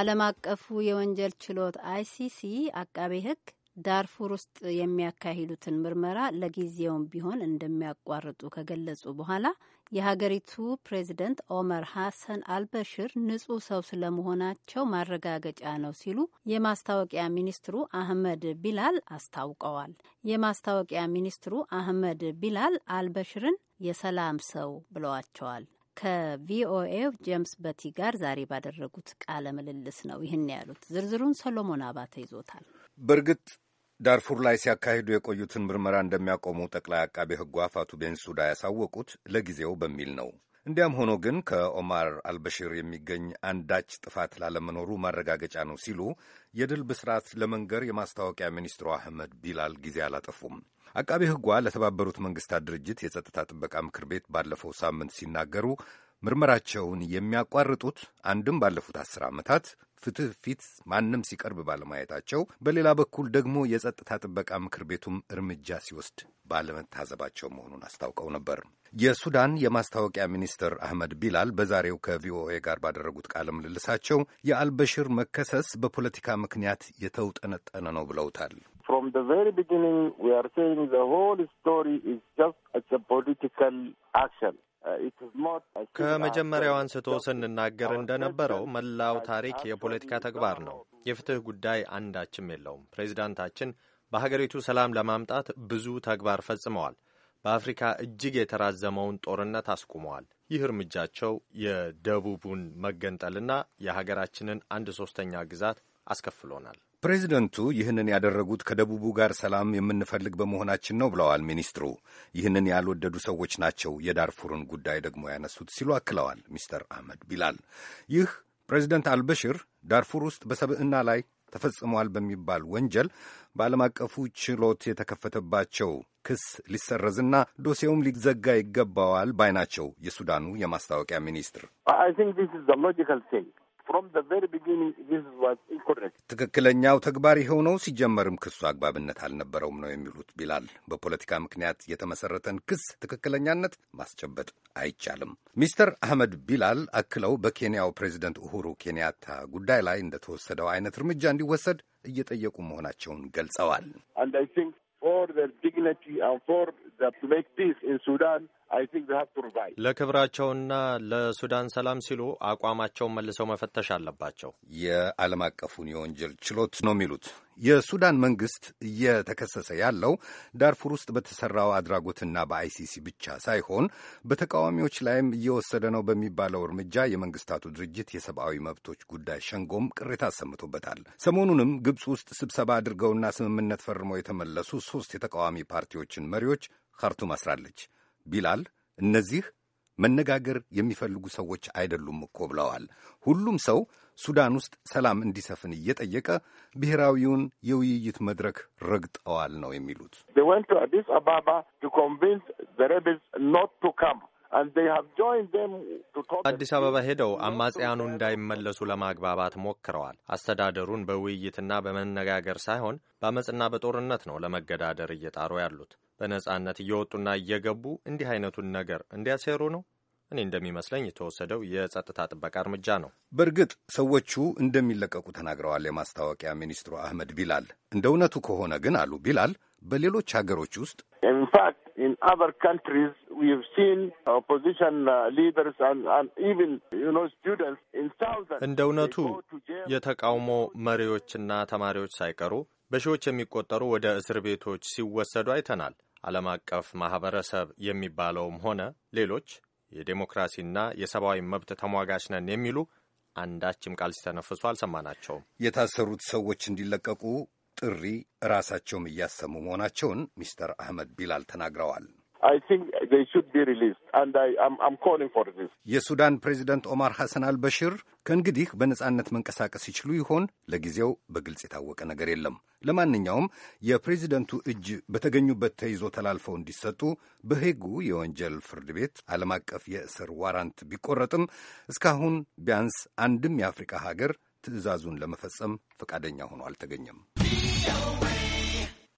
ዓለም አቀፉ የወንጀል ችሎት አይሲሲ አቃቤ ሕግ ዳርፉር ውስጥ የሚያካሂዱትን ምርመራ ለጊዜውም ቢሆን እንደሚያቋርጡ ከገለጹ በኋላ የሀገሪቱ ፕሬዚደንት ኦመር ሀሰን አልበሽር ንጹህ ሰው ስለመሆናቸው ማረጋገጫ ነው ሲሉ የማስታወቂያ ሚኒስትሩ አህመድ ቢላል አስታውቀዋል። የማስታወቂያ ሚኒስትሩ አህመድ ቢላል አልበሽርን የሰላም ሰው ብለዋቸዋል። ከቪኦኤው ጄምስ በቲ ጋር ዛሬ ባደረጉት ቃለ ምልልስ ነው ይህን ያሉት። ዝርዝሩን ሰሎሞን አባተ ይዞታል። በእርግጥ ዳርፉር ላይ ሲያካሂዱ የቆዩትን ምርመራ እንደሚያቆሙ ጠቅላይ አቃቤ ሕጉ አፋቱ ቤንሱዳ ያሳወቁት ለጊዜው በሚል ነው። እንዲያም ሆኖ ግን ከኦማር አልበሽር የሚገኝ አንዳች ጥፋት ላለመኖሩ ማረጋገጫ ነው ሲሉ የድል ብስራት ለመንገር የማስታወቂያ ሚኒስትሩ አህመድ ቢላል ጊዜ አላጠፉም። አቃቤ ሕጓ ለተባበሩት መንግስታት ድርጅት የጸጥታ ጥበቃ ምክር ቤት ባለፈው ሳምንት ሲናገሩ ምርመራቸውን የሚያቋርጡት አንድም ባለፉት አስር ዓመታት ፍትህ ፊት ማንም ሲቀርብ ባለማየታቸው፣ በሌላ በኩል ደግሞ የጸጥታ ጥበቃ ምክር ቤቱም እርምጃ ሲወስድ ባለመታዘባቸው መሆኑን አስታውቀው ነበር። የሱዳን የማስታወቂያ ሚኒስትር አህመድ ቢላል በዛሬው ከቪኦኤ ጋር ባደረጉት ቃለ ምልልሳቸው የአልበሽር መከሰስ በፖለቲካ ምክንያት የተውጠነጠነ ነው ብለውታል። From the very beginning, we are saying the whole story is just a political action. ከመጀመሪያው አንስቶ ስንናገር እንደነበረው መላው ታሪክ የፖለቲካ ተግባር ነው። የፍትህ ጉዳይ አንዳችም የለውም። ፕሬዚዳንታችን በሀገሪቱ ሰላም ለማምጣት ብዙ ተግባር ፈጽመዋል። በአፍሪካ እጅግ የተራዘመውን ጦርነት አስቁመዋል። ይህ እርምጃቸው የደቡቡን መገንጠልና የሀገራችንን አንድ ሶስተኛ ግዛት አስከፍሎናል። ፕሬዚደንቱ ይህንን ያደረጉት ከደቡቡ ጋር ሰላም የምንፈልግ በመሆናችን ነው ብለዋል ሚኒስትሩ። ይህንን ያልወደዱ ሰዎች ናቸው የዳርፉርን ጉዳይ ደግሞ ያነሱት ሲሉ አክለዋል ሚስተር አህመድ ቢላል። ይህ ፕሬዚደንት አልበሽር ዳርፉር ውስጥ በሰብዕና ላይ ተፈጽሟል በሚባል ወንጀል በዓለም አቀፉ ችሎት የተከፈተባቸው ክስ ሊሰረዝና ዶሴውም ሊዘጋ ይገባዋል ባይ ናቸው የሱዳኑ የማስታወቂያ ሚኒስትር። ትክክለኛው ተግባር የሆነው ሲጀመርም ክሱ አግባብነት አልነበረውም ነው የሚሉት ቢላል። በፖለቲካ ምክንያት የተመሰረተን ክስ ትክክለኛነት ማስጨበጥ አይቻልም። ሚስተር አህመድ ቢላል አክለው በኬንያው ፕሬዚደንት ኡሁሩ ኬንያታ ጉዳይ ላይ እንደተወሰደው አይነት እርምጃ እንዲወሰድ እየጠየቁ መሆናቸውን ገልጸዋል። ለክብራቸውና ለሱዳን ሰላም ሲሉ አቋማቸውን መልሰው መፈተሽ አለባቸው። የዓለም አቀፉን የወንጀል ችሎት ነው የሚሉት። የሱዳን መንግስት እየተከሰሰ ያለው ዳርፉር ውስጥ በተሠራው አድራጎትና በአይሲሲ ብቻ ሳይሆን በተቃዋሚዎች ላይም እየወሰደ ነው በሚባለው እርምጃ የመንግስታቱ ድርጅት የሰብአዊ መብቶች ጉዳይ ሸንጎም ቅሬታ አሰምቶበታል። ሰሞኑንም ግብፅ ውስጥ ስብሰባ አድርገውና ስምምነት ፈርመው የተመለሱ ሦስት የተቃዋሚ ፓርቲዎችን መሪዎች ካርቱም አስራለች። ቢላል እነዚህ መነጋገር የሚፈልጉ ሰዎች አይደሉም እኮ ብለዋል። ሁሉም ሰው ሱዳን ውስጥ ሰላም እንዲሰፍን እየጠየቀ ብሔራዊውን የውይይት መድረክ ረግጠዋል ነው የሚሉት። አዲስ አበባ አዲስ አበባ ሄደው አማጽያኑ እንዳይመለሱ ለማግባባት ሞክረዋል። አስተዳደሩን በውይይትና በመነጋገር ሳይሆን በአመፅና በጦርነት ነው ለመገዳደር እየጣሩ ያሉት። በነጻነት እየወጡና እየገቡ እንዲህ አይነቱን ነገር እንዲያሴሩ ነው። እኔ እንደሚመስለኝ የተወሰደው የጸጥታ ጥበቃ እርምጃ ነው። በእርግጥ ሰዎቹ እንደሚለቀቁ ተናግረዋል የማስታወቂያ ሚኒስትሩ አህመድ ቢላል። እንደ እውነቱ ከሆነ ግን አሉ ቢላል በሌሎች ሀገሮች ውስጥ ኢንፋክት ኢን አዘር ሲን ኦፖዚሽን ሊደርስ ኢቭን ዩ ኖ ስቱደንትስ ኢን እንደ እውነቱ የተቃውሞ መሪዎችና ተማሪዎች ሳይቀሩ በሺዎች የሚቆጠሩ ወደ እስር ቤቶች ሲወሰዱ አይተናል። ዓለም አቀፍ ማህበረሰብ የሚባለውም ሆነ ሌሎች የዴሞክራሲና የሰብአዊ መብት ተሟጋች ነን የሚሉ አንዳችም ቃል ሲተነፍሱ አልሰማናቸውም። የታሰሩት ሰዎች እንዲለቀቁ ጥሪ ራሳቸውም እያሰሙ መሆናቸውን ሚስተር አህመድ ቢላል ተናግረዋል። የሱዳን ፕሬዚደንት ኦማር ሐሰን አልበሽር ከእንግዲህ በነጻነት መንቀሳቀስ ይችሉ ይሆን? ለጊዜው በግልጽ የታወቀ ነገር የለም። ለማንኛውም የፕሬዚደንቱ እጅ በተገኙበት ተይዞ ተላልፈው እንዲሰጡ በሄጉ የወንጀል ፍርድ ቤት ዓለም አቀፍ የእስር ዋራንት ቢቆረጥም እስካሁን ቢያንስ አንድም የአፍሪካ ሀገር ትዕዛዙን ለመፈጸም ፈቃደኛ ሆኖ አልተገኘም።